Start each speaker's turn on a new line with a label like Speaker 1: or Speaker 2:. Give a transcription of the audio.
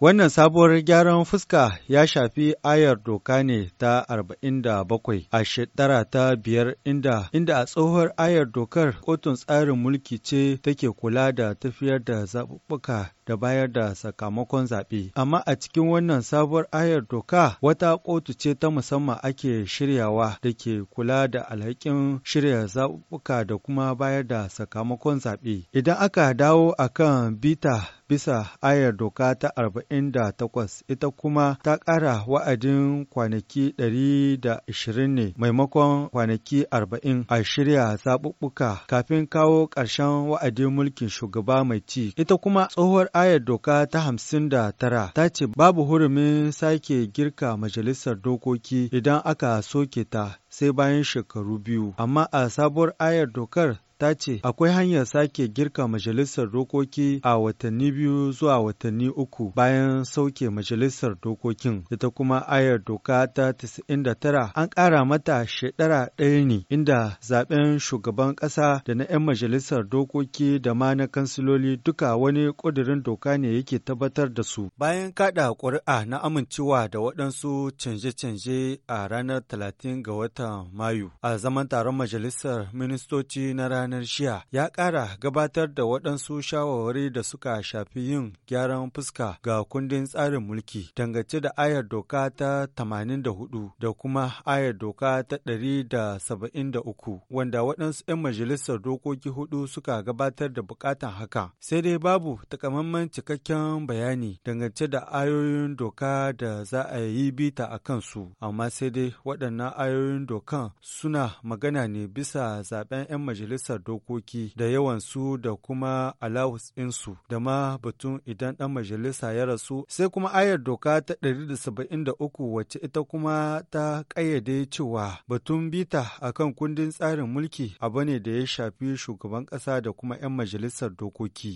Speaker 1: Wannan sabuwar gyaran fuska ya shafi ayar doka ne ta 47 a shekara ta biyar inda, inda a tsohuwar ayar dokar kotun tsarin mulki ce take kula da tafiyar da zaɓuɓɓuka da bayar da sakamakon zaɓe. Amma a cikin wannan sabuwar ayar doka wata kotu ce ta musamman ake shiryawa da ke kula da alhakin shirya zaɓuɓɓuka da kuma bayar da sakamakon zaɓe. Idan aka dawo akan bita bisa ayar doka ta 48 ita kuma ta ƙara wa'adin kwanaki 120 ne maimakon kwanaki 40 a shirya zaɓuɓɓuka kafin kawo ƙarshen wa'adin mulkin shugaba mai ci. Ita kuma tsohuwar ayar doka ta 59 ta ce babu hurumin sake girka majalisar dokoki idan aka soke ta sai bayan shekaru biyu, amma a sabuwar ayar dokar ta ce akwai hanyar sake girka majalisar dokoki a watanni biyu zuwa watanni uku bayan sauke majalisar dokokin ita kuma ayar doka ta 99 an ƙara mata shekara ɗaya ne inda zaben shugaban ƙasa da na 'yan majalisar dokoki da ma na kansiloli duka wani ƙudurin doka ne yake tabbatar da su bayan kaɗa ƙuri'a na amincewa da waɗansu canje-canje a ranar 30 ga watan mayu a zaman taron majalisar ministoci na ranar ranar shiya ya ƙara gabatar da waɗansu shawarwari da suka shafi yin gyaran fuska ga kundin tsarin mulki dangance da ayar doka ta 84 da kuma ayar doka ta 173 wanda waɗansu 'yan majalisar dokoki hudu suka gabatar da bukatan haka sai dai babu takamaiman cikakken bayani dangance da ayoyin doka da za a yi bita a kansu amma sai dai waɗannan ayoyin dokan suna magana ne bisa zaben 'yan majalisar majalisar dokoki da yawansu da kuma alawus ɗinsu da ma batun idan ɗan majalisa ya rasu sai kuma ayar doka ta 173 wacce ita kuma ta ƙayyade cewa batun bita a kan kundin tsarin mulki abu ne da ya shafi shugaban ƙasa da kuma 'yan majalisar dokoki.